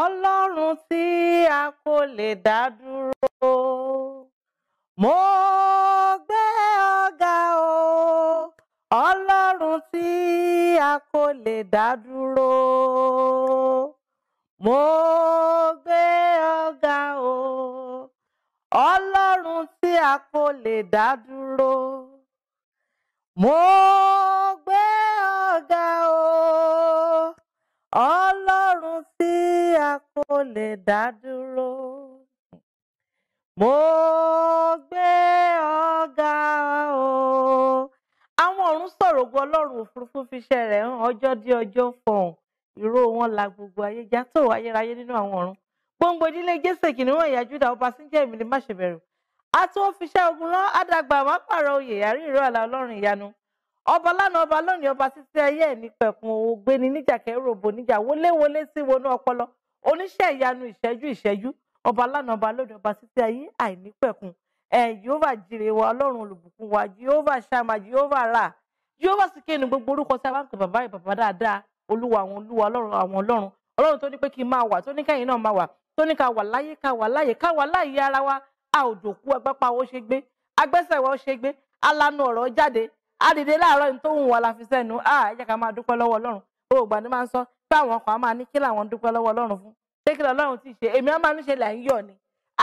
ọlọ́run tí a kò lè dá dúró mo gbé ọ̀gá o ọlọ́run tí a kò lè dá dúró mo gbé ọ̀gá o ọlọ́run tí a kò lè dá dúró mo. kò lè dá dúró. Mo gbé ọ̀gá o. Àwọn ọ̀run sọ̀rọ̀ ògo ọlọ́run òfurufú fiṣẹ́ rẹ̀ hàn ọjọ́ dí ọjọ́ fọ̀hún. Ìró wọn la gbogbo ayé já tó ayérayé nínú àwọn ọ̀run. Gbòǹgbò ìdílé Jésè kìnìún ẹ̀yà Júdà ọba síjẹ́ èmi ni má ṣe bẹ̀rù. Àtúwọ́ fiṣẹ́ ogun rán Ádàgbà má pààrọ̀ oyè àrí ìró àlà ọlọ́run ìyanu ọba lánàá ọba lónìí ọba títí ayé ẹ ní pẹ̀kun ògbéni níjà kẹrù òbò sí wọnú ọpọlọ oníṣẹ́ ìyanu ìṣẹ́jú ìṣẹ́jú ọba lánàá ọba lóde ọba títí ayé àìnípẹ̀kun ẹ̀ yehova jire wa ọlọ́run olùbùkún wa yehova ṣàmà yehova rà yehova sì kéènì gbogbo orúkọ tí a bá ń pè bàbá yìí bàbá dáadáa olúwa àwọn olúwa ọlọ́run àwọn ọlọ́run ọlọ́run tó ní pé kí n máa wà tó ní kẹ́yìn náà máa wà tó ní ká wà láyé ká wà láyé ká wà láyé ara wa a ò dòkú agbápá ó ṣe gbé agbẹ́sẹ̀ wa ó ṣe gbé alanu ọ̀rọ̀ jáde àdìdé láàárọ̀ ní tó wù wá la fi sẹ́nu a ẹ ká máa dúpẹ́ lọ́wọ́ ọlọ́run gbogbo ìgbà máa ń sọ táwọn kan á máa ní kí làwọn dúpẹ́ lọ́wọ́ ọlọ́run fún pé kí lọ́lọ́run ti ṣe èmi á máa níṣe là ń yọ̀ ni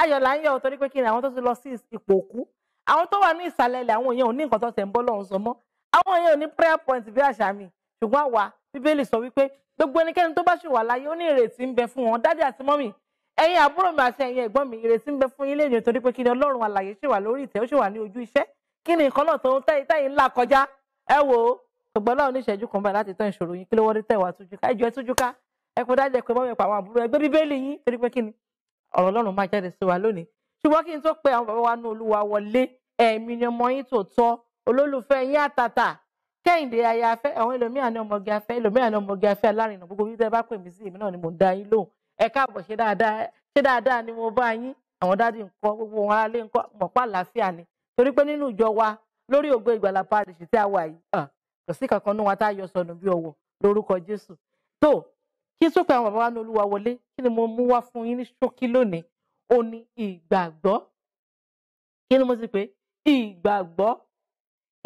ayọ̀ là ń yọ̀ torí pé kí ni àwọn tó ti lọ sí ipò òkú àwọn tó wà ní ìsàlẹ̀ ilẹ̀ àwọn èèyàn ò ní nǹkan tó tẹ̀ ń bọ́ lọ́run sọ mọ́ àwọn èèyàn ò ní prayer point bí àṣà mi ṣùgbọ́n àwa bíbélì sọ wípé gbogbo ẹnikẹ́ni tó bá ṣì wà láyé ó ní ìrètí ń bẹ fún wọn dádì àti mọ́mì ẹ̀yin àbúrò mi àti ẹ̀yin ẹ̀gbọ́n mi ìrètí ń bẹ fún yín lè torí pé kí ni ọlọ́run alààyè ṣì wà lórí ìtẹ́ ó ṣì wà ní ojú iṣẹ́ kí ni nǹkan náà tó ń tẹ́yìn tẹ́yìn ńlá kọjá ẹ wò ó ṣùgbọ́n láwọn oníṣẹ́jú kan báyìí láti tán ìṣòro yín kí ló wọlé tẹ̀wá tújúká ẹjọ́ ẹ tújúká ẹ kó dájú ẹ pé mọ́mí pa àwọn àbúrò ẹgbẹ́ bíbélì yín torí pé kí ni ọ̀rọ̀ Ọlọ́run máa jáde sí wa lónìí ṣùgbọ́n kí n tó pe àwọn bàbá wa nú Olúwa wọlé ẹ̀mí ni ọmọ yín tòótọ́ olólùfẹ́ yín àtàtà Kẹ́hìndé aya afẹ́ àwọn ẹlòmíà ní ọmọge afẹ́ ẹlòmíà ní ọmọge afẹ́ alárinà gbogbo bí bẹ́ẹ̀ bá pè mí sí èmi náà ni mò ń dá yín lóhùn ẹ káàbọ̀ ṣe dáadáa ṣe dáadáa ni mo bá yín àwọn dádì ńkọ́ gbogbo wọn alẹ́ ńkọ́ mọ̀pá àlàáfíà ni torí pé nínú ìjọ wa lórí ògo ìgbàlà pàdé ṣì tí a wà yìí kò sí kankan nínú wa tá a yọ sọnù bí ọwọ́ lórúkọ Jésù tó kí n tó àwọn bàbá wa ní Olúwa wọlé kí ni mo mú wá fún yín ní ṣókí lónìí ó ní ìgbàgbọ́ kí ni mo ti pè ìgbàgbọ́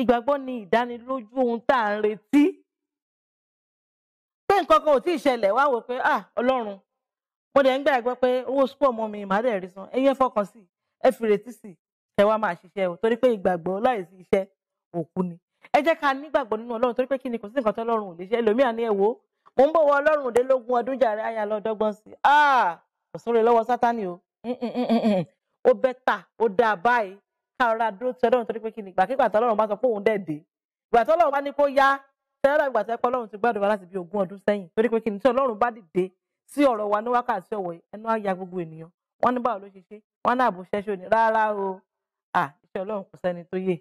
ìgbàgbọ́ ni ìdánilójú ohun tá à ń retí pé nǹkan kan ò tí ì ṣẹlẹ̀ wá wò pé ah Ọlọ́run mo dẹ̀ ń gbàgbọ́ pé owó súpọ̀ mọ́ mi màá dẹ̀ rí san ẹ̀yin ẹ fọkàn sí ẹ fi retí sí ẹ wá máa ṣiṣẹ́ o torí pé ìgbàgbọ́ láìsí iṣẹ́ òkú ni ẹ jẹ́ ká nígbàgbọ́ nínú ọlọ́run torí pé kí ni kò sí nǹkan tí ọlọ́run ò lè ṣe ẹlòmíà ní ẹ̀wò mò ń bọ̀ wọ ọlọ́run òdélógún ọdún jàre àyà lọ dọ́gbọ́n sí i ah! kò sóore lọ́wọ́ sátánì o ó bẹ́tà ó dáa báyìí ká ọ̀rá dúró ti ọlọ́run torí pé kí ni ìgbàkígbà tí ọlọ́run bá sọ pé òun dẹ̀ dé ìgbà tí ọlọ́run bá ní kó yá tẹ́lẹ̀ ìgbà tí ni tí ọlọ́run bá dìde sí ọ̀rọ̀ wa ní wákàtí ọ̀wọ̀ ẹnu á ya gbogbo ènìyàn wọ́n ní o à iṣẹ́ ọlọ́run kò sẹ́ni tó yè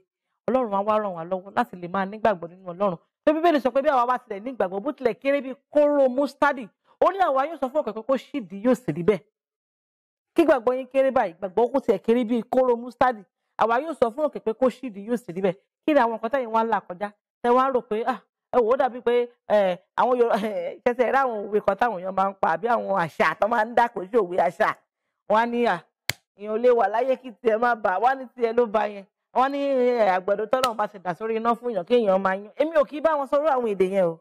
ọlọ́run á wá ràn wá lọ́wọ́ láti lè máa nígbàgbọ́ nínú ọlọ́run pé bíbélì sọ pé bí àwa wá tilẹ̀ nígbàgbọ́ bó tilẹ̀ kéré bíi kóró mustadi ó ní àwa yóò sọ fún ọ̀kẹ́ kó ṣídìí yóò sì rí bẹ́ẹ̀ kí gbàgbọ́ yín kéré báyìí gbàgbọ́ kó tilẹ̀ kéré bíi kóró mustadi àwa yóò sọ fún ọ̀kẹ́ kó ṣídìí yóò sì rí bẹ́ẹ̀ kí ni àwọn nǹkan táyìn wá ń là kọjá tẹ wá ń rò pé ah ẹ wò ó dàbí pé àwọn kẹsẹ̀ rẹ àwọn òwe kan táwọn èèyàn máa ń pa àbí àwọn àṣà tó máa ń dà kó sí òwe àṣà wọn á ní à ah, èèyàn ò lè wà láyé kí tiẹ̀ má bà wá ní tiẹ̀ ló bà yẹn wọ́n ní eh, àgbàdo tọ́lọ́run bá ti dà sórí iná fún èèyàn kéèyàn máa yún èmi ò kì í bá wọn sọ̀rọ̀ àwọn èdè yẹn o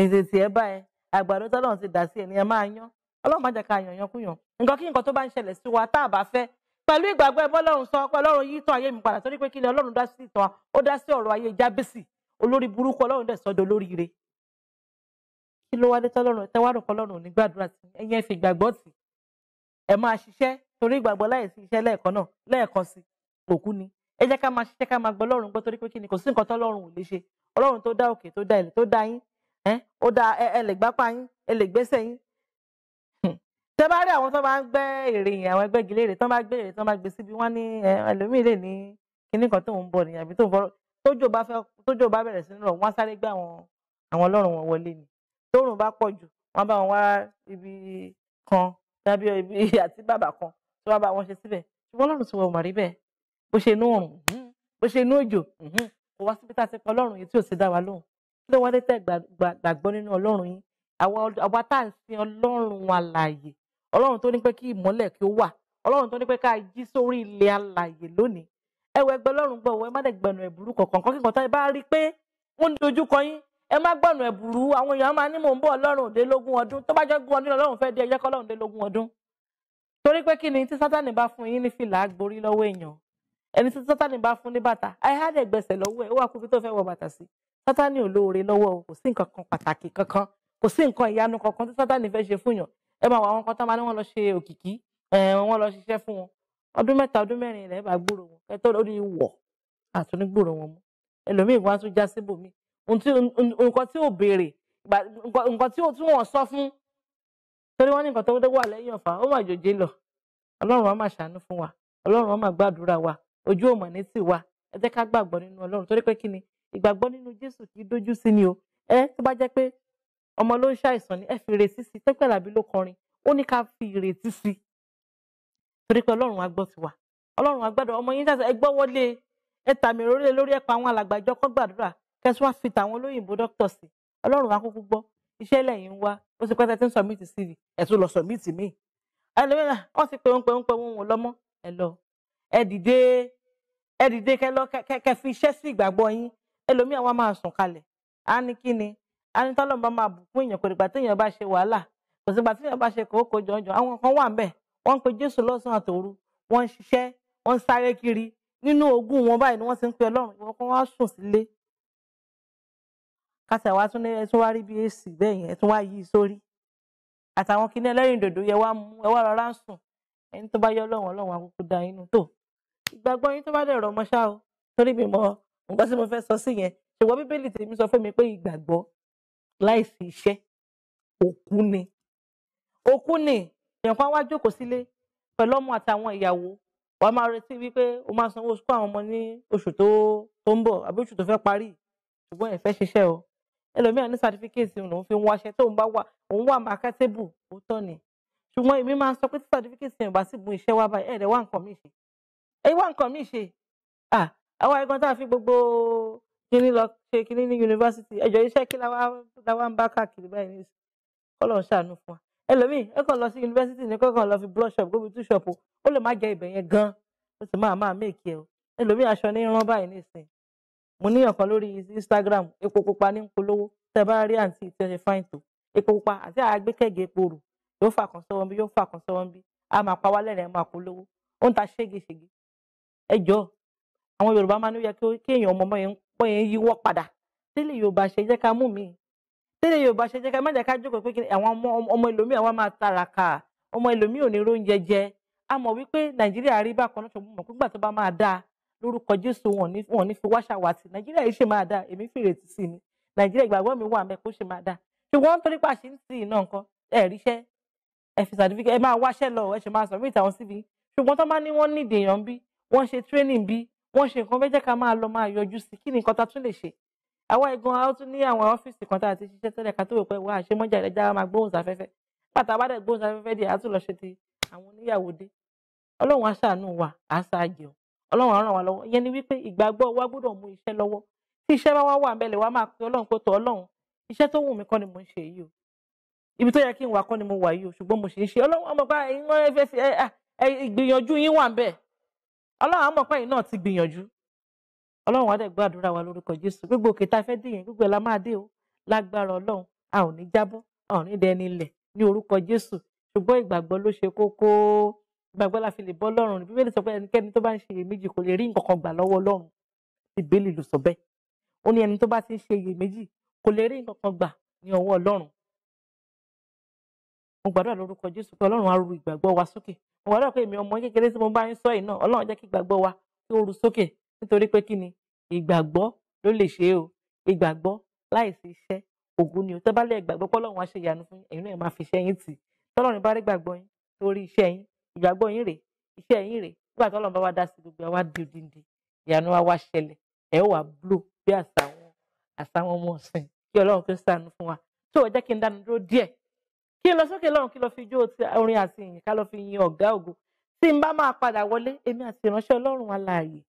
èdè tiẹ̀ báyẹn àgbàdo tọ́lọ́run ti dà sí ènìyàn máa yán ọlọ́run má jẹ́ ká yàn yán kúyàn nǹkan kí nǹkan tó bá ń ṣẹlẹ̀ sí wa tá a bá fẹ́ pẹ̀lú ìgbàgbọ́ ẹ bọ́lọ́run sọ pé ọlọ́run yí tán ayé mi padà torí pé kí ni ọlọ́run dá sí ìtàn ó dá sí ọ̀rọ̀ ayé jábèsì olórí burúkú ọlọ́run dẹ̀ sọ́dọ̀ olóríire kí ló wá dé tọ́lọ́run tẹ́ wá rò ní gbàdúrà sí ẹ̀yin ẹ fi ìgbàgbọ́ ẹ máa ṣiṣẹ́ torí ìgbàgbọ́ láì sí iṣẹ́ lẹ́ẹ̀kan náà lẹ́ẹ̀kan sí òkú ni ẹ jẹ́ ká máa ṣiṣẹ́ ká máa gbọ́ ọlọ́run gbọ́ torí pé kí ni kò sí nǹkan tó ọlọ́run ò lè ṣe ọlọ́run tó dá òkè tó dá ilẹ̀ tó dá yín ó dá ẹ lè gbápá yín ẹ lè gbẹ́sẹ̀ yín. Hmm. tẹ bá rí àwọn tó máa ń gbẹ́ èrè yẹn àwọn ẹgbẹ́ gilé èrè tó máa gbé èrè tó máa gbé síbi wọ́n ní ẹlòmíì lè ní kíní kan tó ń bọ̀ nìyàbí tó ń bọ̀ tójò bá fẹ́ tójò bá bẹ̀rẹ̀ sí ní rọ̀ wọ́n sáré gbé àwọn àwọn ọlọ́run wọn wọlé ni tóòrùn bá pọ̀ jù wọ́n bá wọn wá ibi kan tàbí ibi àti bàbà kan tó wá bá wọn ṣe síbẹ̀ ṣùgbọ́n ọlọ́run ti wọ màrí bẹ́ẹ̀ bó ṣe inú òrùn mhm. bó ṣe inú òjò mhm. kò wá síbi tá a ti pa ọlọ́run yìí tí ò sì dá wa lóhùn kí ló wá dé tẹ́ gbàgbọ́ nínú ọlọ́run yín àwa tá à ń sin ọlọ́run alààyè ọlọ́run tó ní pé kí ìmọ́lẹ̀ kí ó wà ọlọ́run tó ní pé ká jí sórí ilẹ̀ alààyè lónìí ẹ wọ ẹgbẹ́ ọlọ́run gbọ́ ẹ má dẹ̀ gbẹ̀nù ẹ̀bùrú kọ̀ọ̀kan kọ́kí kan tá ẹ bá rí pé wọ́n ń dojú kọ yín ẹ má gbọ̀nù ẹ̀bùrú àwọn èèyàn máa ní mò ń bọ̀ ọlọ́run òdélógún ọdún tó bá jẹ́ gún ọdún ọlọ́run fẹ́ di ẹjẹ́ ọlọ́run òdélógún ọdún torí pé kí ni tí sátánì bá fún yín ní fìlà á lọ́wọ́ èèyàn ẹni tí sátani bá fún ní bàtà àìhádẹ gbẹsẹ̀ lọ́wọ́ ẹ ó wà kóbi tó fẹ́ wọ bàtà sí sátani ò lóore lọ́wọ́ o kò sí nǹkan kan pàtàkì kankan kò sí nǹkan ìyanu kankan tí sátani fẹ́ ṣe fún yàn ẹ máa wà àwọn kan tó máa ní wọn lọ ṣe òkìkí eh, wọn lọ ṣiṣẹ́ fún wọn ọdún mẹ́ta ọdún mẹ́rin ilẹ̀ bá gbúrò wọn ẹ tó lórí wọ àtúní gbúrò wọn mú ẹlòmíì wọn á tún já síbòmíì nǹkan tí ò béèrè nǹkan tí wọn sọ fún torí wọn ní ojú òmò ní sì wá ẹ jẹ́ ká gbàgbọ́ nínú ọlọ́run torí pé kí ni ìgbàgbọ́ nínú jésù kì í dojú sí ni o ẹ tó bá jẹ́ pé ọmọ ló ń ṣàìsàn ni ẹ fi ìrètí sí Tọ́pẹ́ Àlàbí ló kọrin ó ní ká fi ìrètí sí torí pé ọlọ́run á gbọ́ tiwa ọlọ́run á gbàdọ̀ ọmọ yín ṣàṣẹ ẹ gbọ́ wọlé ẹ tàmì òróró lórí ẹ àwọn alàgbà ìjọ kọ́ gbàdúrà kẹsí wá fi tàwọn olóyìnbó dókítà sí ọlọ́run á kúkú gbọ́ iṣẹ́ lẹ́yìn ń ó ti pẹ́ tí ń sọ̀mìtì sí ẹ̀ tún lọ sọ̀mìtì míì ẹlẹ́mìíràn wọ́n ti pé ń pé ń pé wọn ò lọ́mọ ẹ lọ ẹ dìde ẹ dìde fi ise sí ìgbàgbọ́ yín ẹlòmíì àwa máa sùn kalẹ̀ á ní kí ni á ní tọ́lọ̀ bá máa bùkún èèyàn kò dìgbà téèyàn bá ṣe wàhálà kò sígbà bá ṣe jọjọ àwọn kan wà wọn pe Jésù lọ́sàn àtòru wọ́n ń ṣiṣẹ́ ń kiri nínú ogún wọn báyìí ni wọn ti ń pe sùn sílé tún ẹ tún wá rí bí èsì yẹn ẹ kiní yẹ wá mú ẹ wá rọra ń sùn ẹni tó bá yọ ìgbàgbọ́ yín tó bá dẹ̀ rọ̀ mọ́ ṣá o torí mi mọ nǹkan tí mo fẹ́ sọ sí yẹn ṣùgbọ́n bíbélì tèmi sọ fún mi pé ìgbàgbọ́ láìsí iṣẹ́ òkú ni òkú ni èèyàn kan wá jókòó sílé pẹ̀lú ọmọ àtàwọn ìyàwó wàá máa retí wípé o máa sanwó oṣù àwọn ọmọ ní oṣù tó tó ń bọ̀ àbí oṣù tó fẹ́ parí ṣùgbọ́n ẹ ṣiṣẹ́ o ẹlòmíràn ní sàtífíkẹ́tì òun fi ń wáṣẹ tó ń bá wà òun wà marketable òótọ́ ni ṣùgbọ́n èmi máa ń sọ pé tí sàtífíkẹ́tì yẹn bá sì mú iṣẹ́ wá báyìí ẹ̀ẹ́dẹ̀ wá nǹkan mi ṣe ẹ̀yin wá nǹkan míì ṣe àwọn ẹ̀gbọ́n tá a fi gbogbo kíní lọ ṣe kíní ní yunifásitì ẹjọ́ iṣẹ́ kí láwa ń bá káàkiri báyìí ní ìsìn kọlọ ń ṣàánú fún wa ẹlòmíì ẹ kàn lọ sí yunifásitì ní kọkàn lọ fi blood shop gómìn two shop ó lè má jẹ ibẹ̀ yẹn gan ó sì máa máa méèkì ẹ e o ẹlòmíì aṣọ ní rán báyìí ní ìsìn mo níyàn kan lórí Instagram epo pupa ní polówó tẹ bá rí àǹtí ìtẹ̀sẹ̀ fáìn tó epo pupa àti àgbékẹ́gẹ́ epo rò yóò fà kàn sọ́wọ́n bí yóò fà kàn sọ́wọ́n bí a máa pa wá lẹ́rìn máa polówó ó ń ta ṣégeṣége ẹ jọ àwọn yorùbá máa ń yẹ kí èèyàn ọmọ ọmọ yẹn ń pọ yẹn yíwọ́ padà tẹ́lẹ̀ yorùbá ṣe jẹ́ ká mú mi tẹ́lẹ̀ yorùbá ṣe jẹ́ ká má jẹ́ ká jókòó pé kí àwọn ọmọ ẹlòmíì àwa máa tàràkà ọmọ ẹlòmíì ò ní róúnjẹ jẹ a mọ̀ wípé nàìjíríà rí bákan náà ṣùgbọ́n mọ̀ pígbà tó bá máa dáa lórúkọ jésù wọn ní wọn ní fi wáṣà wá sí nàìjíríà yìí ṣe máa dáa èmi fìrètí sí ni nàìjíríà ìgbàgbọ́ mi wà mẹ́ kó ṣe máa dáa ṣùgbọ́n torí pàṣẹ ń tì náà nǹkan ẹ ríṣẹ́ ẹ fi sàdífíkẹ́ ẹ máa wáṣẹ́ lọ ẹ ṣe máa sọ mí ìtàwọn síbi ṣùgbọ́n tó bá ní wọ́n nídìí èèyàn bí wọ́n ṣe training bí wọ́n ṣe nǹkan bẹ́jẹ́ ká máa lọ máa yọjú sí kí ni nǹkan ta tún lè ṣe àwa ìgan a tún ní àwọn ọ́fíìsì kan tá a ti ṣiṣẹ́ tẹ́lẹ̀ ká tó wò pé wà á ṣe mọ́jà ìdájà máa gbóhùn sáfẹ́fẹ́ pàtà bá dẹ̀ gbóhùn sáfẹ́fẹ́ díẹ̀ a tún lọ ṣe ti àwọn oníyàwó dé ọlọ́run aṣàánú wa á ṣáàjì ọ ọlọ́run á ràn wá lọ́wọ́ ìyẹn ni wípé ìgbàgbọ́ wa gbọ́dọ̀ mú iṣẹ́ lọ́wọ́ tí iṣẹ́ bá wá wà ńbẹ̀lẹ̀ wa máa pe ọlọ́run kó tọ ọlọ́run iṣẹ́ tó wù mí kọ́ ni mò ń ṣe yìí o ibi tó yẹ kí n wà kọ́ ni mo wà yìí o ṣùgbọ́n mo ṣe é ṣe ọlọ́run ọmọ bá ìgbìyànjú yín wà ńbẹ̀ ọlọ́run àmọ̀ pẹ́yìn náà ti gbìyànjú ọlọ́run wàá dẹ̀ gbàdúrà wa lórúkọ jésù gbogbo òkè tá a fẹ́ dé yẹn gbogbo ẹ̀ la máa dé o lágbára ọlọ́run a ò ní jábọ́ a ò ní dẹni ilẹ̀ ní orúkọ jésù ṣùgbọ́n ìgbàgbọ́ ló ṣe kókó ìgbàgbọ́ la fi lè bọ́ lọ́rùn ní bíbélì sọ pé ẹnikẹ́ni tó bá ń ṣe iyèméjì kò lè rí nǹkan kan gbà lọ́wọ́ ọlọ́run ìbéèlì ló sọ bẹ́ẹ̀ ó ní ẹni tó bá ti ń ṣe iyèméjì kò lè rí nǹkan kan gbà ní ọwọ́ ọlọ́run mo gbàdúrà lórúkọ jésù pé ọlọ́run á ru ìgbàgbọ́ wa sókè àwọn ọ̀rọ̀ pé èmi ọmọ kékeré tí mo bá ń sọ yìí náà ọlọ́run jẹ́ kí ìgbàgbọ́ wa kí ó ru sókè nítorí pé kí ni ìgbàgbọ́ ló lè ṣe o ìgbàgbọ́ láìsí iṣẹ́ ògùn ni o tẹ́ bá lè gbàgbọ́ pọ́lọ́run á ṣe ìyanu fún ẹ̀yin náà máa fi iṣẹ́ yín tì tọ́lọ́run bá rí gbàgbọ́ yín torí iṣẹ́ yín ìgbàgbọ́ yín rèé iṣẹ́ yín rèé nígbà tọ́lọ́run bá wá dá sí gbogbo àwa di odindi ìyanu wa wá ṣẹlẹ̀ ẹ̀ wà bló bí àṣà àwọn àṣà àwọn ọmọ ọ̀sìn kí ọlọ́run kí ó fún wa tó o jẹ́ kí n dánu dúró díẹ̀ kí n lọ sókè lọ́run kí n lọ fi jó orin àti ìyìn ká lọ fi yin ọ̀gá ògo tí n bá máa padà wọlé èmi àti ìránṣẹ́ ọlọ́run alààyè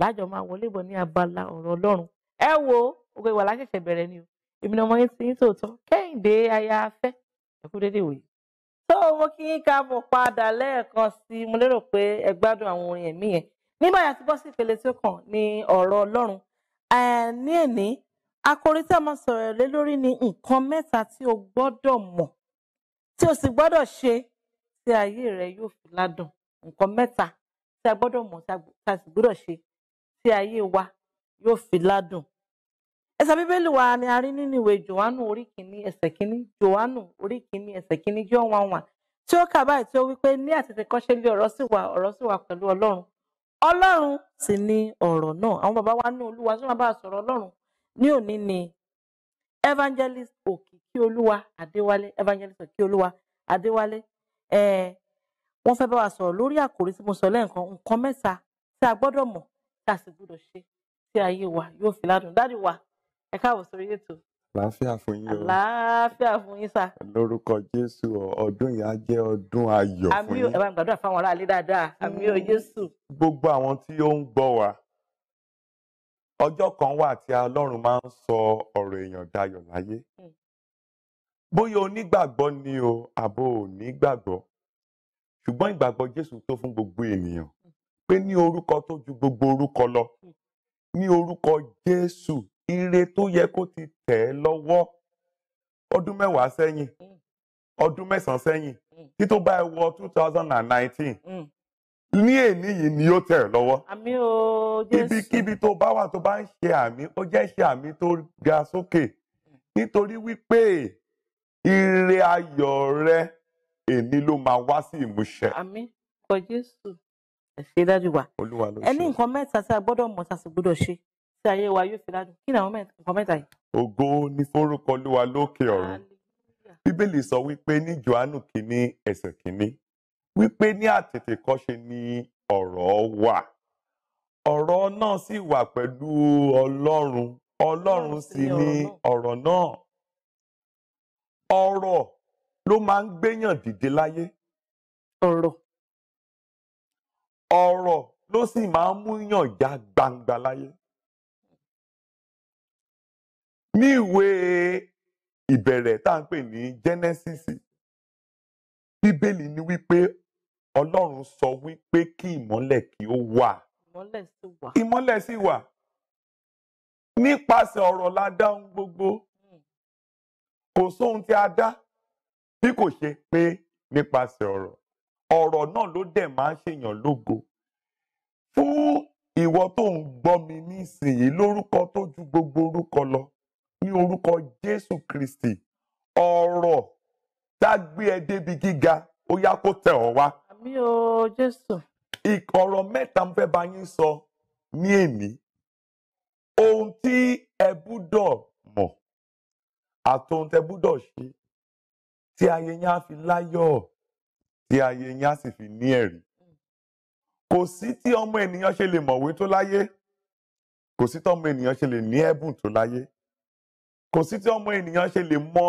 lájọ máa wọlé bọ̀ ní abala ọ̀rọ̀ ọlọ́run ẹ wo ògo ìwà láṣẹ̀ṣẹ̀ bẹ̀rẹ̀ ni o èmi ni ọmọ yín ti ń tòótọ́ kẹ́hìndé aya afẹ́ ẹ̀kú dédé wòye. tó o mo kí n ká bọ̀ padà lẹ́ẹ̀kan sí mo lérò pé ẹ gbádùn àwọn orin ẹ̀mí yẹn nígbà yàtí bọ́ sí ìpele tó kàn ní ọ̀rọ̀ ọlọ́run ní èní àkòrí tí a máa sọ̀rọ̀ lé lórí ni nǹkan mẹ́ta tí o gbọ́dọ̀ mọ̀ tí o sì gbọ́dọ̀ ṣe tí ayé rẹ yóò fi ládùn nǹkan mẹ́ta tí a gbọ́dọ̀ mọ̀ tí a sì gbọ́dọ̀ ṣe tí ayé wa yóò fi ládùn. ẹsẹ̀ bíbélì wa ni a rí nínú ìwé johannu orí kìíní ẹsẹ̀ kìíní johannu orí kìíní ẹsẹ̀ kìíní john one one tí ó kà báyìí tí ó wípé ní àtètèkọ́ṣe lé ọ̀rọ̀ sí wa ọ̀rọ̀ sí wa pẹ̀lú ọlọ́run ọlọ́run sì ni ọ̀rọ̀ náà àwọn bàbá wa ní olúwa tí wọ́n bá sọ̀rọ̀ ọlọ́run ní òní ni evangelist òkè kí olúwa adéwálé evangelist kí olúwa adéwálé wọ́n fẹ́ bá wa sọ̀rọ̀ lórí àkòrí tí mo sọ lẹ́ẹ̀kan nǹkan mẹ́ta tí a gbọ́dọ̀ mọ̀ tí a sì gbọ́dọ̀ ṣe tí ayé wa yóò fi ládùn dáàdi wa ẹ káàbọ̀ sórí ètò. àlàáfíà fún yín o àlàáfíà fún yín sá. lórúkọ jésù ọdún yìí á jẹ́ ọdún ayọ̀ fún yín. àmì ẹ gbàdúrà fáwọn aráàlú dáadáa àmì ò jésù. gbogbo àwọn tí ó ń gbọ́ wa ọjọ́ kan wà tí ọlọ́run máa ń sọ ọ̀rọ̀ èèyàn dayọ̀ láyé hmm. bóyá onígbàgbọ́ ni o àbò onígbàgbọ́ ṣùgbọ́n ìgbàgbọ́ Jésù tó fún gbogbo ènìyàn pé ní orúkọ tó ju gbogbo orúkọ lọ ní orúkọ Jésù ire tó yẹ kó ti tẹ̀ ẹ́ lọ́wọ́ ọdún mẹ́wàá sẹ́yìn ọdún mẹ́sàn-án sẹ́yìn kí tó bá ẹ wọ two thousand and nineteen ní èní yìí ni yóò tẹ̀ ẹ́ lọ́wọ́. àmín o ibikíbi tó bá wà tó bá ń ṣe àmì ó jẹ́ ṣe àmì tó ga sókè nítorí wípé ire ayọ̀ rẹ èmi ló máa wá sí ìmúṣẹ. àmín kọ jésù ẹ ṣe dájú wa ẹ ní nǹkan mẹ́ta tí a gbọ́dọ̀ mọ̀ tá a sì gbọ́dọ̀ ṣe tí ayé wa yóò fi ládùn kí ni àwọn nǹkan mẹ́ta yìí. ògo ni forúkọ olúwa lókè ọ̀run bíbélì sọ wípé ní johannu kínní ẹsẹ̀ kínní wípé ní àtètèkọ́ṣe ni ọ̀rọ̀ wà ọ̀rọ̀ náà sì wà pẹ̀lú ọlọ́run ọlọ́run sì ni ọ̀rọ̀ náà ọ̀rọ̀ ló máa ń gbéyàn dìde láyé ọ̀rọ̀ ló sì máa ń múyàn já gbangba láyé ní ìwé ìbẹ̀rẹ̀ tá à ń pè ní Jẹ́nẹ́sìsì bíbélì ni wípé Ọlọ́run sọ wípé kí ìmọ́lẹ̀ kí ó wà ìmọ́lẹ̀ sì wà nípasẹ̀ ọ̀rọ̀ la dá gbogbo kò sóhun tí a dá bí kò ṣe pé nípasẹ̀ ọ̀rọ̀ ọ̀rọ̀ náà ló dẹ̀ máa ń ṣèyàn lógo fún ìwọ tó ń gbọ́ mi nísìnyí lórúkọ tó ju gbogbo orúkọ lọ ní orúkọ Jésù Kristi ọ̀rọ̀ tá ẹ débi gíga ó yá kó tẹ̀ ọ́ wá. àmín o Jésù. ọ̀rọ̀ mẹ́ta ń fẹ́ bá yín sọ ní èmi ohun tí ẹ gbúdọ̀ àtòhun tẹ gbúdọ̀ ṣe tí ayé yín á fi láyọ̀ tí ayé yín á sì fi ní ẹ̀rí kò sí tí ọmọ ènìyàn ṣe lè mọ̀wé tó láyé kò sí tí ọmọ ènìyàn ṣe lè ní ẹ̀bùn tó láyé kò sí tí ọmọ ènìyàn ṣe lè mọ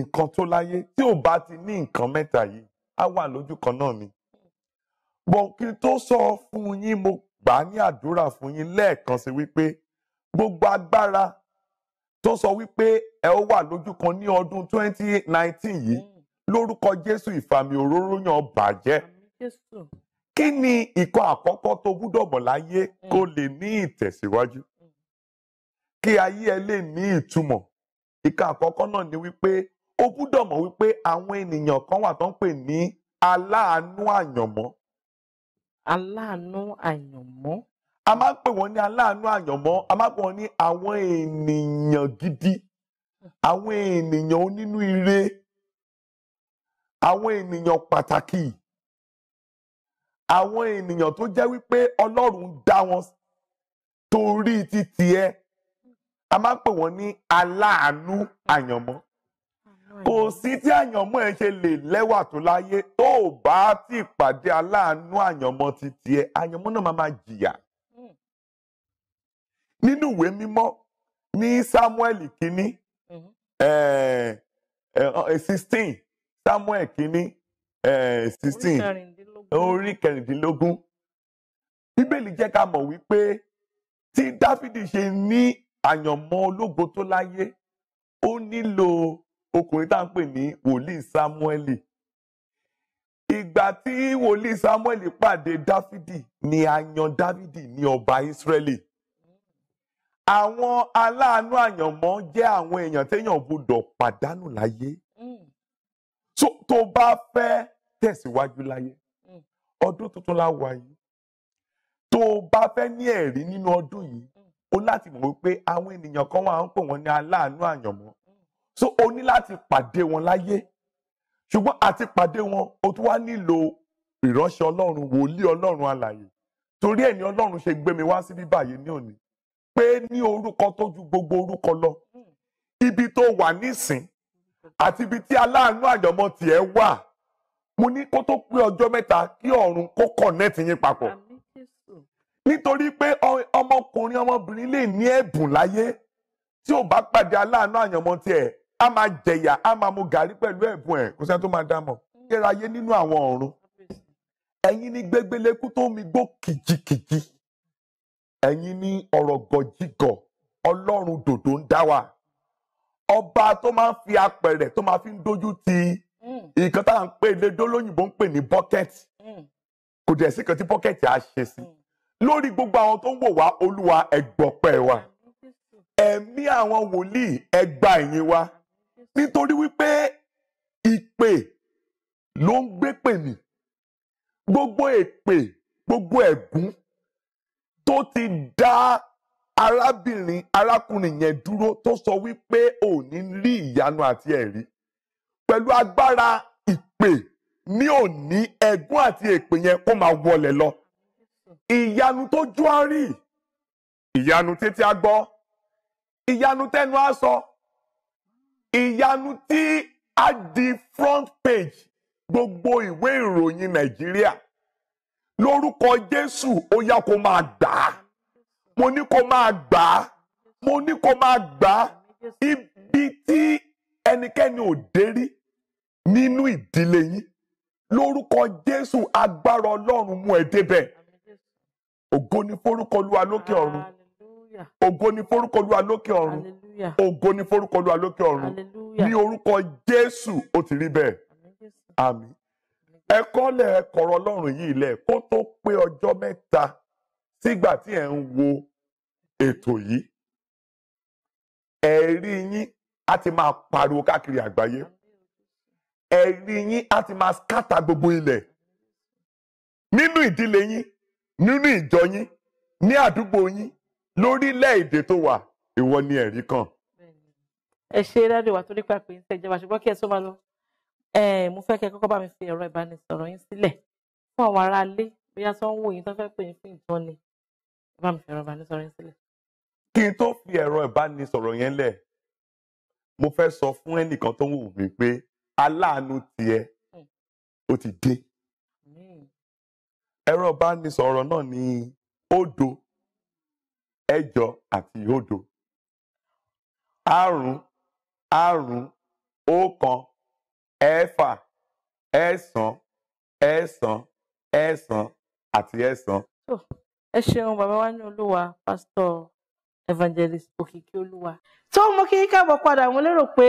nǹkan tó láyé tí ò bá ti ní nǹkan mẹ́ta yìí á wà lójú kan náà ni bọ̀ǹkì tó sọ fún yín mo gbà á ní àdúrà fún yín lẹ́ẹ̀kan sí wípé gbogbo agbára tó sọ wípé ẹ ó wà lójú kan ní ọdún 2019 yìí mm. lórúkọ Jésù ìfàmì òróró yàn bàjẹ́ kí ni ìkọ́ àkọ́kọ́ tó gbúdọ̀ mọ̀ láyé mm. kó lè ní ìtẹ̀síwájú mm. kí ayé ẹ lè ní ìtumọ̀ ìkọ́ àkọ́kọ́ náà ni wípé ó gbúdọ̀ mọ̀ wípé àwọn ènìyàn kan wà tó ń pè ní aláàánú àyànmọ́. aláàánú àyànmọ́ a máa ń pè wọ́n ní aláàánú àyànmọ́ a máa ń pè wọ́n ní àwọn ènìyàn gidi àwọn ènìyàn onínú ire àwọn ènìyàn pàtàkì àwọn ènìyàn tó jẹ́ wípé Ọlọ́run dá wọn torí ti tiẹ̀ a máa ń pè wọ́n ní aláàánú àyànmọ́ kò sí tí àyànmọ́ ẹ ṣe lè lẹ́wà tó láyé tó o bá ti pàdé aláàánú àyànmọ́ ti tiẹ̀ àyànmọ́ náà máa máa jìyà nínú ìwé mímọ́ ní Samuel kínní mhm. eh, eh, eh, sixteen Samuel kínní sixteen orí kẹrìndínlógún bíbélì jẹ́ ká mọ̀ wípé tí Dáfídì ṣe ní àyànmọ́ ológo tó láyé ó nílò ọkùnrin tá à ń pè ní wòlíì Samuel ìgbà tí wòlíì Samuel pàdé Dáfídì ni a yan Dáfídì ní ọba Ísírẹ́lì àwọn aláàánú àyànmọ́ jẹ́ àwọn èèyàn téèyàn gbọdọ̀ pàdánù láyé hmm. tó bá fẹ́ tẹ̀síwájú láyé hmm. ọdún tuntun la wà yìí tó bá fẹ́ ní ẹ̀rí nínú ọdún yìí hmm. o láti mọ̀ wípé àwọn ènìyàn kan wà ń pè wọ́n ní aláàánú àyànmọ́ so o ní láti pàdé wọn láyé ṣùgbọ́n àti pàdé wọn o tún wá nílò ìránṣẹ́ ọlọ́run wòlíì ọlọ́run alààyè torí ẹ̀ ni ọlọ́run ṣe gbé mi wá síbí báyìí ní òní pé ní orúkọ tó ju gbogbo orúkọ lọ ibi tó wà nísìn àti ibi tí aláàánú àjọmọ tiẹ̀ wà mo ní kó tó pé ọjọ́ mẹ́ta kí ọ̀run kó kọ̀nẹ́ẹ̀tì yín papọ̀ nítorí pé ọmọkùnrin ọmọbìnrin lè ní ẹ̀bùn láyé tí ò bá pàdé aláàánú àyànmọ́ tiẹ̀ á máa jẹ̀yà á máa mu gàrí pẹ̀lú ẹ̀bùn ẹ̀ kò sẹ́ni tó máa dámọ̀ kéra ayé nínú àwọn ọ̀run ẹ̀yin ni gbégbélékú tó mi gbó kìjikìji ẹ̀yin ní ọ̀rọ̀ gọ̀jígọ̀ ọlọ́run dòdò ń dá wa ọba tó máa ń fi apẹ̀rẹ̀ tó máa fi ń dojú ti hmm. nǹkan tá à ń pè lédó lóyìnbó ń pè ní bucket hmm. kò dẹ̀ sí kan tí bucket á ṣe sí hmm. lórí gbogbo àwọn tó ń wò wá olúwa ẹgbọ̀pẹ̀ wa ẹ̀mí àwọn wòlíì ẹgbà ìyìn wa nítorí wípé ìpè ló ń gbé pè mí gbogbo èpè gbogbo ẹ̀gún. E tó ti dá arábìnrin arákùnrin yẹn dúró tó sọ wípé òní rí ìyanu àti ẹ̀rí pẹ̀lú agbára ìpè ní òní ẹ̀gún àti èpè yẹn kó máa wọlé lọ ìyanu tó jó á rí ìyanu títí á gbọ́ ìyanu tẹnu á sọ ìyanu tí á di front page gbogbo ìwé ìròyìn Nàìjíríà lórúkọ jésù ó yá kó máa gbà á mo ní kó máa gbà á mo ní kó máa gbà á ibi tí ẹnikẹ́ni ò dé rí nínú ìdílé yín lórúkọ jésù agbára ọlọ́run mú ẹ débẹ̀ ògo ni forúkọ olúwa lókè ọ̀run ògo ni forúkọ olúwa lókè ọ̀run ògo ni forúkọ olúwa lókè ọ̀run ní orúkọ jésù ó ti rí bẹ́ẹ̀ àmín ẹ kọ́lẹ̀ ẹ kọ̀rọ̀ ọlọ́run yìí lẹ̀ kó tó pé ọjọ́ mẹ́ta sígbà tí ẹ̀ ń wo ètò yìí ẹ̀rí yín á ti máa pariwo káàkiri àgbáyé ẹ̀rí yín á ti máa skátà gbogbo ilẹ̀ nínú ìdílé yín nínú ìjọ yín ní àdúgbò yín lórílẹ̀ tó wà ìwọ ni ẹ̀rí kan. ẹ ṣe rádìo tó nípa pé ń tẹ̀jọba ṣùgbọ́n kí ẹ tó máa lọ. Eh, mo fẹ́ kẹ́ kọ́kọ́ bá mi fi ẹ̀rọ ìbánisọ̀rọ̀ yín sílẹ̀ fún àwọn aráalé bóyá tó ń wò yín tó fẹ́ pè yín fún ìtọ́ni ẹ bá mi fi ẹ̀rọ ìbánisọ̀rọ̀ yín sílẹ̀. kí n tó fi ẹ̀rọ ìbánisọ̀rọ̀ yẹn lẹ̀ mo fẹ́ sọ fún ẹnìkan tó ń wò mí pé aláàánú tiẹ̀ hmm. ó ti dé hmm. ẹ̀rọ ìbánisọ̀rọ̀ náà ní òdo ẹ̀jọ àti òdo àrún àrún ọ̀kan ẹẹ́fà ẹẹ́sàn ẹẹ́sàn ẹẹ́sàn àti ẹẹ́sàn. ẹ ṣeun bàbá wa ní olúwa pásítọ̀ evangelist òkìkí olúwa. tó mú kí káàbọ̀ padà mo lérò pé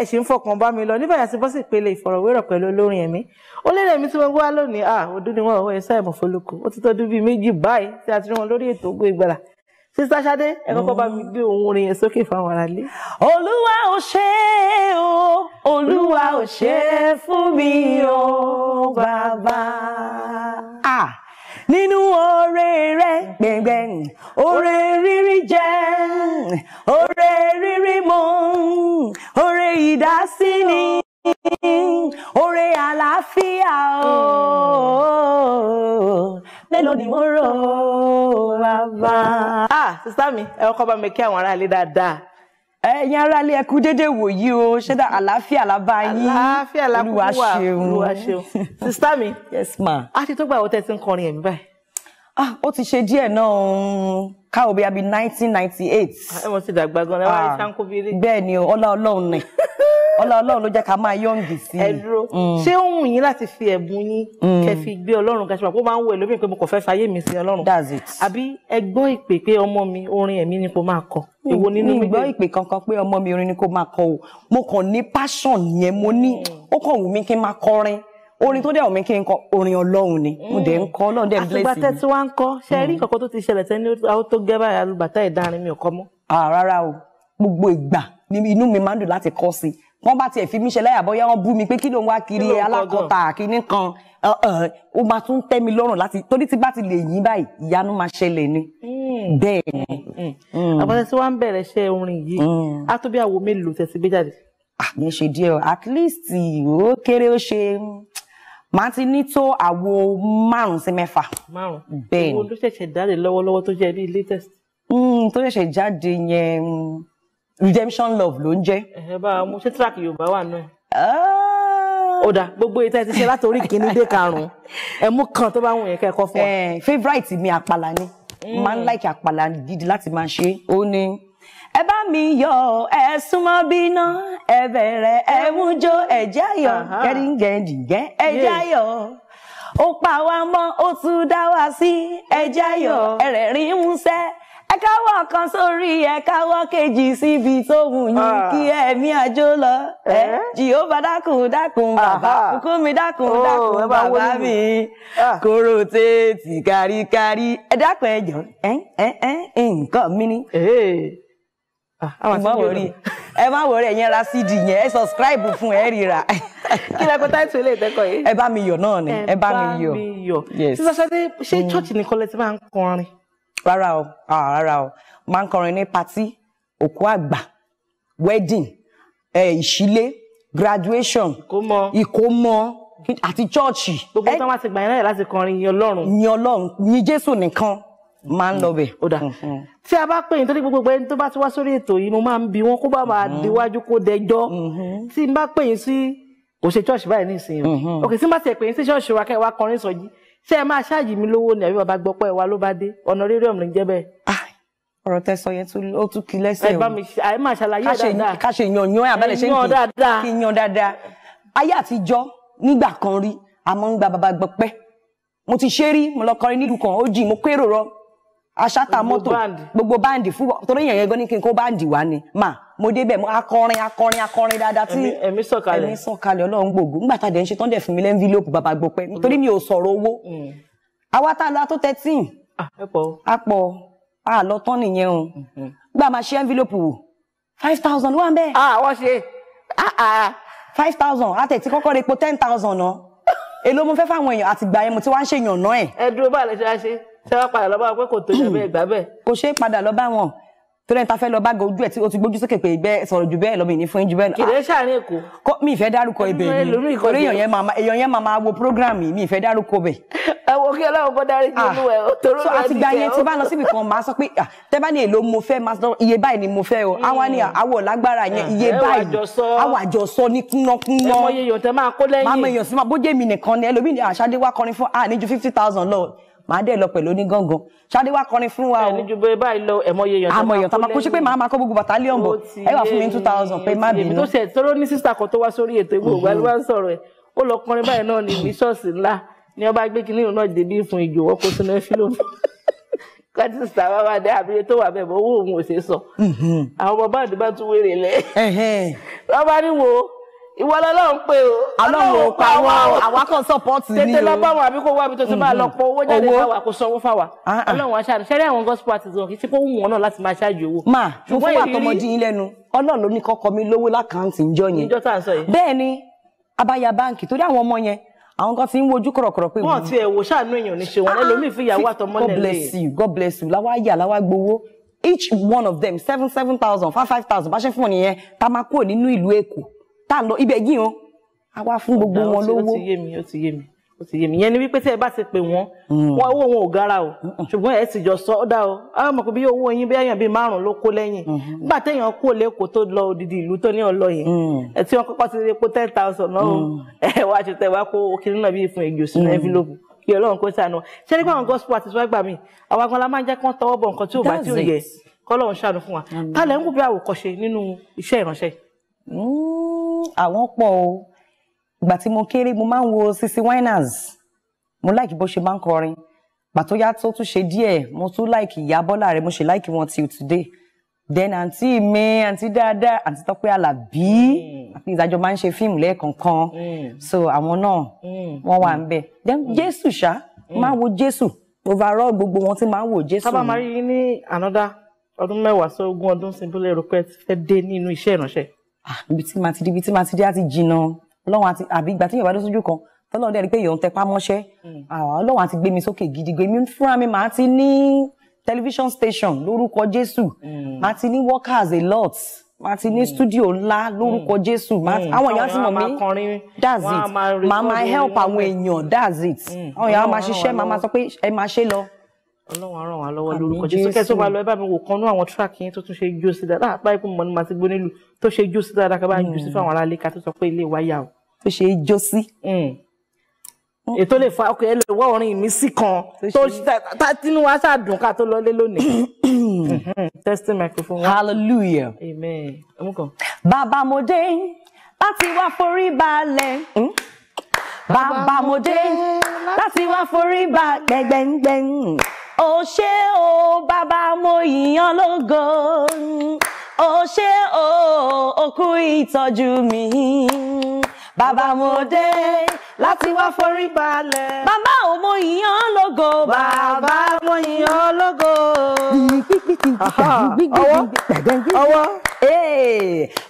ẹ ṣì ń fọkàn bá mi lọ nígbà yàtí bọ́sì ìpele ìfọ̀rọ̀wérọ̀ pẹ̀lú olórin ẹ̀mí olórin ẹ̀mí tí mo gbọ́ wá lónìí ọdún ni wọ́n ọwọ́ ẹ̀ ìmọ̀fọ́lùkù ó ti tọ́jú bíi méjì báyìí tí a ti rí wọn lórí ètò Ògo Ìgbàlà sísá Ṣadé ẹ kọ́kọ́ bá mi mm. gbé ohun orin yẹn sókè fáwọn aráalé. olúwa ò ṣe o olúwa ò ṣe é fún mi o bàbá. ah nínú oore rẹ gbẹngbẹn oore rírí jẹ oore rírí mu oore ìdásí ni oore àlàáfíà o. Mm mélòó ni mo rò ó bàbá. ah sísá mi ẹ kọ́ bá mi kí àwọn aráalé dáadáa ẹ̀yin aráalé ẹ kú dédé wòyí o ṣé dá àlàáfíà lábá yín àlàáfíà lábúwà olúwa ṣeun sísá mi yes ma a ti tó gbà wọ́n tẹ́ ti ń kọrin ẹ̀mí báyìí. ah ó ti ṣe díẹ̀ náà mm, káwọ́ bí i abi nineteen ninety eight. ẹ mọ̀ sí dàgbà gan-an ẹ wá ah, ṣáńkó bí ilé. bẹ́ẹ̀ ni ọlá ọlọ́run ni. ọlá ọlọ́run ló jẹ́ ká máa yọǹgì sí i. ẹ dúró mm. ṣé ó wù yín láti fi ẹ̀bùn yín mm. kẹ́ fi gbé ọlọ́run kẹ́ ṣe máa kó máa ń wọ ẹlòmíì pé mo kàn fẹ́ fayé mi sí ọlọ́run. àbí ẹgbọ́n ìpè pé ọmọ mi orin ẹ̀mí ni kò máa kọ. ìwo nínú mi gbọ́ ìpè kankan pé ọmọ mi orin ni kò máa kọ o mo kàn ní passion yẹn mo ní mm. ó kàn wù mí kí n máa kọrin orin tó dẹ̀ wọ̀n mi kí n kọ orin ọlọ́run ni mo dẹ̀ ń kọ ọlọ́run dẹ̀ ń blessing. àtùgbàtẹ́ tí wọ́n ń kọ́ ṣe rí ti ṣẹlẹ̀ tẹ́ ní àwọn tó gẹ́ báyìí alùbàtà mi ò kọ́ mọ́. Ah, o gbogbo ìgbà inú mi máa ń dùn wọ́n bá tiẹ̀ fi mí ṣe láyà bọ́yá wọ́n bú mi pé kí ló ń wá kiri alákọ̀ọ́ta kínní kan ó máa tún tẹ́ mi lọ́rùn láti torí tí bá ti lè yín báyìí ìyanu máa ṣẹlẹ̀ ni. Hmm. bẹ́ẹ̀ ni. Hmm. Hmm. àbọ̀tẹ́ tí wọ́n bẹ̀rẹ̀ iṣẹ́ orin yìí á tó bí àwo mélòó tẹ̀sí gbé jáde. àmì ṣe díẹ̀ at least ó kéré ó ṣe máa ti ní tó àwo márùn-ún sí mẹ́fà. márùn-ún bẹ́ẹ̀ ni. olùṣẹ̀ṣẹ̀ jáde lọ́wọ́lọ́wọ́ tó jẹ́ bí latest. tó ṣẹ̀ṣẹ̀ jáde yẹn redemption love ló ń jẹ́. ẹ bá a mú ṣé track yorùbá wà náà. Ah. ó dà gbogbo ètò ẹ ti ṣe láti orí kìíní dé karùn-ún ẹ mú kan tó bá wù yẹn kẹ́kọ̀ọ́ fún wa. Eh, favourite mi àpàlà ni mm. máa ń like àpàlà gidi láti máa ṣe ó ní ẹ bá mi yọ̀ ẹ súnmọ́ bíná ẹ bẹ̀rẹ̀ ẹ mú jó ẹ jáyọ̀ gẹdíngẹdìngẹ ẹ jáyọ̀ ó pa wá mọ́ ó tún dá wá sí ẹ jáyọ̀ ẹrẹ rí músẹ́ ẹ káwọ́ kan sórí ẹ káwọ́ kejì síbi tó wù yín ah. kí ẹ̀mí àjò lọ ẹ eh? jìhóbá dákun dákun bàbá kúkú oh, mi dákun dákun bàbá mi ah. kóró tètè káríkárí ẹ dákun ẹ jọ ẹ ẹ ẹ nǹkan mi ni má eh. ah, wọrí ẹ má wọrí ẹ yẹn ra cd yẹn ẹ sọscribe fún ẹ ríra. kí ni akọta ètò ilé ìtẹ́kọ̀ọ́ yìí. ẹ bá mi yọ̀ náà ni ẹ bá mi yọ̀. ẹ bá mi yọ̀ sísọ sọ́dẹ́ ṣé mm. chọ́ọ̀chì nìkan lẹ ti máa ń kọrin rárá o ah rárá o máa ń kọrin ní patí òkú àgbà wedding ìṣílé eh, graduation ìkómọ àti chọ́ọ̀chì. gbogbo tí wọ́n ti gbà yín náà láti kọrin yin ọlọ́run. yin ọlọ́run yin jésù nìkan máa ń lọ bẹ̀. ó dà mm-hmm. tí a bá pè yín torí gbogbo ẹni tó bá ti wá sórí ètò yìí mo máa ń bi wọn kó bá máa mm-hmm. déwájú kó dẹjọ́ mm-hmm. tí n bá pè yín sí kò ṣe ṣọ́ọ̀ṣì báyìí nísìnyí òkè tí n bá ti pè yín sí ṣọ́ọ̀ṣì wa kẹ́ ẹ wá kọrin sọjí ṣé ẹ máa ṣáàyè mi lówó ni àbí bàbá gbọ́pọ̀ ẹ wa ló bá dé ọ̀nà rírì ọ̀mùrì ń jẹ́ bẹ́ẹ̀. Ah, ọ̀rọ̀ tẹ sọ yẹn ó tún kí lẹ́sẹ̀ o ẹ bá mi ẹ máa ṣàlàyé dáadáa ká ṣe yan yan abẹ́lẹ̀ ṣe ń kí yan dáadáa ayé àtijọ́ nígbà kan rí àmọ́ ń gba bàbá gbọ́pẹ́ mo ti ṣe rí mo lọ kọrin nílùú kan ó jì mo kérò rọ aṣáta mọ́tò gbogbo báǹdì fún torí yẹn gan ni kí n kó báǹdì wá ni mà mo débẹ̀ mo akọrin akọrin akọrin dáadáa tí ẹ̀mí sọ̀kalẹ̀ ẹ̀mí sọ̀kalẹ̀ ọlọ́run gbòògùn nígbà tá a dẹ̀ ń ṣe tán dẹ̀ fún mi lẹ́ńvílópù bàbá gbọpẹ́ mm. torí mi ò sọ̀rọ̀ owó mm. àwa tá a lọ tó thirteen apọ̀ ah, a lọ tán nìyẹn o mm-hmm. gbà máa ṣe ẹ̀ńvílópù wò five thousand wà ń bẹ́ẹ̀. a ah, wọ́n ṣe ah, five thousand àtẹ̀ tí kọ́kọ́ repo ten thousand náà èló mo fẹ́ fáwọn èèyàn àtìgbà yẹn mo ti wá ń ṣèyàn náà ẹ̀. ẹ dúró báyìí lè ṣe wá ṣe ṣé wàá padà lọ bá wọn pé kò tó yẹ bẹ́ẹ̀ gbà bẹ́ẹ̀. kò ṣeé padà lọ bá wọn torí ẹni tá a fẹ́ lọ bá gojú ẹ̀ tí o ti gbójú sókè pé ìgbẹ́ sọ̀rọ̀ jù bẹ́ẹ̀ lọ́mọ ìní fún jù bẹ́ẹ̀ lọ. kìlẹ̀ ṣàárín èkó. kó mi ìfẹ́ dárúkọ ibẹ̀ ni torí èèyàn yẹn máa wo programme mi ìfẹ́ dárúkọ bẹ̀. ẹ wo kí ọlọ́run bọ́ dárí nínú ẹ̀ torí ẹ̀ ti gbà yẹn tí bá lọ síbi kan máa sọ pé ah, tẹ́ bá ní èlò mo fẹ́ máa sọ iye báyìí ni mo fẹ́ o àwa ni hmm. àwọ̀ lágbára yẹn iye báyìí àwọ̀ àjọsọ ní kúnnákúnná. ẹ mọ iye èèyàn tẹ máa kó lẹ́yìn. máa mọ èèyàn sí máa bójú èmi nìkan ni ẹlòmíì àṣàdéwà ah, kọrin fún à ah, ní ju fifty thousand lọ màá dẹ̀ lọ pẹ̀lú onígangan ṣáde wá kọrin fún wa o ẹni ju bẹ́ẹ̀ báyìí lọ ẹ̀mọ iye yẹn tó máa kó lẹ́yìn máa kó gbogbo battalion bọ̀ ẹ wà fún mi two thousand pé má bínú. tó ṣe tóró ní sísà kan tó wá sórí ètò ìgbò ìgbàlúwà sọ̀rọ̀ ẹ̀ ó lọ kọrin báyìí náà ní ní ńlá ni ọba gbé kinní náà débí fún ìjò wọ́n sínú fílò kọ́tí sàbá wa dé àbíyé ìwọ lọ́lọ́run pé o Ọlọ́run ò pa wọn àwa kan sọpọtì ni o tètè lọ bá wọn àbí kó wá ibi tó ti máa lọ pọ owó jáde fáwa kó sanwó fáwa ah, ah. Ọlọ́run aṣáájú ṣẹlẹ àwọn gospel artist wọn kì í ṣe kó wù wọn náà láti máa ṣáájú owó. má mo fún wa tọmọdé yín lẹ́nu Ọlọ́run ló ní kọkọ mi lówó lákàntì ńjọ yẹn bẹ́ẹ̀ ni abaya báǹkì torí àwọn ọmọ yẹn àwọn kan ti ń wojú kọ̀rọ̀kọ̀rọ̀ pé wọn ti ẹ̀ wò ṣàánú èèyàn ní ṣe wọn ah, ẹlòmíì fi ìyàwó àtọmọ nílẹ̀ God bless you God bless you láwa yà láwa gbowó each one of them seven seven thousand five five thousand bá ṣe fún ọ nìyẹn tá a máa kúrò nínú ìlú Èkó tá a lọ ibẹ̀ yìí hàn á wá fún gbogbo wọn lówó. ó ti yé mi ó ti yé mi ó ti yé mi yẹn ni wípé tẹ́ ẹ bá ti pè wọ́n hmm. wọn owó wọn ò gara o ṣùgbọ́n ẹ sì jọ sọ ọ́ dá o àwọn ọmọ kò bí owó yín bí èèyàn bíi márùn-ún ló kó lẹ́yìn mm-hmm. nígbà téèyàn kó lẹ́kọ̀ọ́ tó lọ odidi ìlú tó ní ọlọ yẹn mm. ẹ tí wọ́n kọ́kọ́ ti rí epo ten thousand náà mm. ẹ wá ṣètò ẹ wá kó kiri náà bíi fún ègì òsínú mm. envelope kí ọlọ́run kó sànù ṣé nígbà wọn gospel àti ìṣúná gbà mí àwọn agbọn la máa ń jẹ́ kí wọ́n àwọn pọ̀ o ìgbà tí mo kéré mo máa ń wo Sisi Winers mo láìkí bó ṣe máa ń kọrin pàtó yá tó tún ṣe díẹ̀ mo tún láìkí Ìyá Bọ́lá rẹ̀ mo ṣe láìkí wọn till today then àǹtí mi àǹtí dáadáa àǹtí Tọ́pẹ́ Àlàbí hmm. àti ìdájọ́ máa ń ṣe fíìmù lẹ́ẹ̀kọ̀ọ̀kan hmm. so àwọn náà hmm. wọ́n wà ń bẹ̀ then Jésù ṣá máa wo Jésù overall gbogbo wọn ti máa ń wo Jésù. sábà máa rí ní ànádá ọdún mẹ́wàá sí ogún ọdún sí ibùdó ẹ̀rọ pẹ́ fẹ́ dé nínú iṣẹ́ ìránṣẹ́. Ah, ibi tí màá ti di ibi tí màá ti di á ti jìnnà ọlọ́run àti àbí ìgbà tí yorùbá dó sójú kan tọ́lọ́run dẹ́rẹ́ pé yòó ń tẹpá mọ́ṣẹ́ hmm. ah, ọlọ́run àti gbé mi sókè gidi gbé mi fúnra mi màá ti ní television station lórúkọ jésù hmm. màá ti ní workers a lot màá ti ní hmm. studio ńlá lórúkọ jésù àwọn èèyàn ti mọ̀ mí that's it màá máa help àwọn èèyàn that's it àwọn èèyàn máa ṣiṣẹ́ màá máa sọ pé ẹ máa ṣe lọ Ọlọ́run á ràn wá lọ́wọ́ lórúkọ Jésù kẹsàn máa lọ ẹ bá mi wò kan nú àwọn track yẹn tó tún ṣe jó sí dáadáa báyìí pé mo ní ti gbóni lù tó ṣe jó sí dáadáa ká bá sí hmm. fáwọn aráalé ká tó sọ pé ilé wa o. tó ṣe jó sí. Hmm. ètò lè fa ọkọ ẹ wọ orin mi sí kan tó tá tinú wa ṣáà dùn ká tó lọlé lónìí. Hmm, testing microphone. hallelujah. amen. bàbá mo dé láti wá forí balẹ̀. bàbá mo dé láti wá forí balẹ̀ gbẹ̀ngbẹ̀ng ó ṣé o bàbá mo yìnyàn lógo ó ṣé o òkú ìtọ́jú mi bàbá mo dé láti wá forí balẹ̀. bàbá ò mo yìnyàn lógo. bàbá mo yìnyàn lógo. ọwọ́ ọwọ́.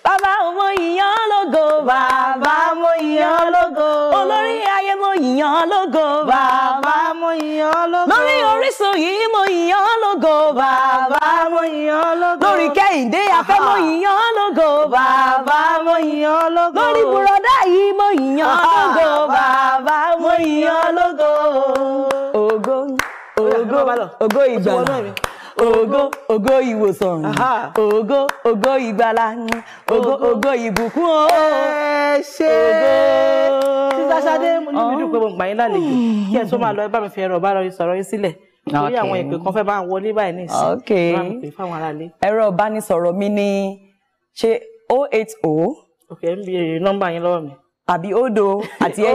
Baba mo yìnyán logo, Baba mo yìnyán logo, Olori ayé mo yìnyán logo, Baba mo yìnyán lógo lórí Orísun yìí mo yìnyán logo, Baba mo yìnyán logo, lórí Kẹ́hìndé Afẹ́ mo yìnyán logo, Baba mo yìnyán logo, lórí bùrọ̀dá yìí mo yìnyán logo, Baba mo yìnyán lógo Ogo ògo Ogo ìgbàlà. Ogo Ogo ìwòsàn Ogo ògo ìgbàlà Ogo Ogo ìbùkún o. ẹ ṣe sísá ṣadé mo ní ìdúpẹ́ mo gbà yín lálejò kí ẹ tó máa lọ ẹ bá mi fi ẹ̀rọ ọba lọ sọ̀rọ̀ yín sílẹ̀ torí àwọn ìpè kan fẹ́ bá ń wọlé báyìí ní ìsìn máa ń pè fáwọn aráalé. ẹ̀rọ ìbánisọ̀rọ̀ mi ni ṣe o oh eight o. Oh. ok n bí èrè nọ́mbà yín lọ́wọ́ mi. àbí odo àti oh,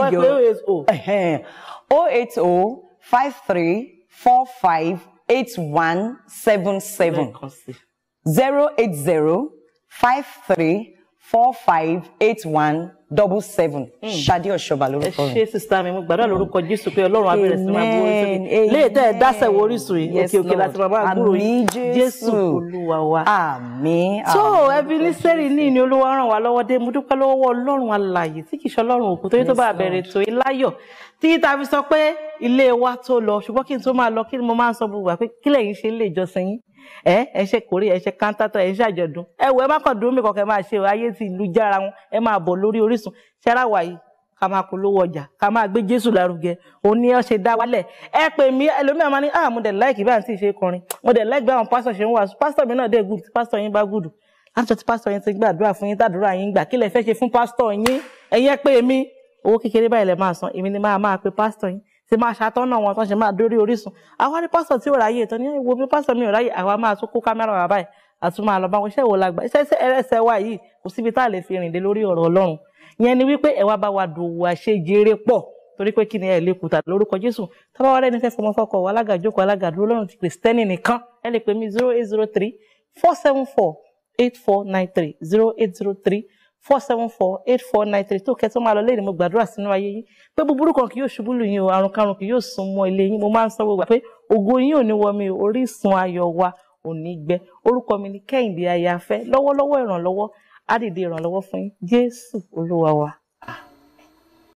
ẹ̀jọ o five three four five eight one seven seven zero eight zero five three four five eight one double seven hmm. ṣadé ọ̀ṣọ́ba lórúkọ mi. ẹ ṣe sísá mi mo gbàdúrà lórúkọ jésù pé ọlọ́run á bẹ̀rẹ̀ sí máa gbó orísun mi léè tẹ́ ẹ dáṣẹ̀ yìí òkè òkè láti máa gbúrò jésù olúwa wa. àmín àmín tó Ebeneseri ní ìní olúwa ràn wá lọ́wọ́ dé mo dúpẹ́ lọ́wọ́ ọlọ́run alààyè tí kìí ṣe ọlọ́run òkú tó yẹ tó bá bẹ̀rẹ̀ tó yẹ láyọ̀ tí ta fi sọ pé ilé wa tó lọ ṣùgbọ́n kí n tó máa lọ kí ni mo máa ń sọ ẹ ẹ ṣe kórè ẹ ṣe kántátọ ẹ ṣe àjọ̀dún ẹ wò ẹ má kàn dúró mi kọkẹ máa ṣe ayé ti ìlú jára wọn ẹ máa bọ̀ lórí Orísun ṣẹlá wàyí ká máa polówó ọjà ká máa gbé Jésù lárugẹ òní ẹ ṣe dá wálẹ̀ ẹ pè mí ẹlòmíràn máa ní ah mo dẹ̀ láìkì bí à ń tì ṣe kọrin mo dẹ̀ láìkì bí àwọn pásítọ̀ ṣe ń wàásù pásítọ̀ mi náà dé gùdù tí pásítọ̀ yín bá gùdù láti ọtí pásítọ̀ yín ti gbàdúrà fún yín tàdúrà yín gbà kí lẹ fẹ́ ṣe fún pásítọ̀ yín ẹ̀yin ẹ pè mí owó kékeré báyìí lẹ máa san èmi ni máa máa pe pásítọ̀ yín ṣe máa ṣàtọ́nà wọn tó ṣe máa dórí orísun àwa ní pásítọ̀ tí ò ráyè tó ní ìwo bí pásítọ̀ mi ò ráyè àwa máa tún kó kámẹ́rà wa báyìí àtún máa lọ bá wọn iṣẹ́ wo la gbà iṣẹ́ ẹlẹ́sẹ̀ wa yìí kò síbi tá a lè fi rìn dé lórí ọ̀rọ̀ Ọlọ́run ìyẹn ni wípé ẹ wá bá wa dòwò àṣejere pọ̀ torí pé kí ni ẹ lè kùtà lórúkọ Jésù tábà wà lẹ́ni fẹ́ fọmọ fọkọ wà alága ìjókòó alága dúró lọ́rùn ti Kristẹni nìkan ẹ lè pè mí zero eight zero three four seven four eight four nine three zero eight zero three four seven four eight four nine three tó kẹ́ tó máa lọ léèrè mo gbàdúrà sínú ayé yín pé búburú kan kì yóò ṣubú lù yín o àrùn karùn kì yóò sún mọ́ ilé yín mo máa ń sanwó gbà pé ògo yín ò ní wọ mi orísun ayọ̀ wa ò ní gbẹ orúkọ mi ni Kẹ́hìndé Ayáfẹ́ lọ́wọ́lọ́wọ́ ìrànlọ́wọ́ á dìde ìrànlọ́wọ́ fún yín Jésù Olúwa wa.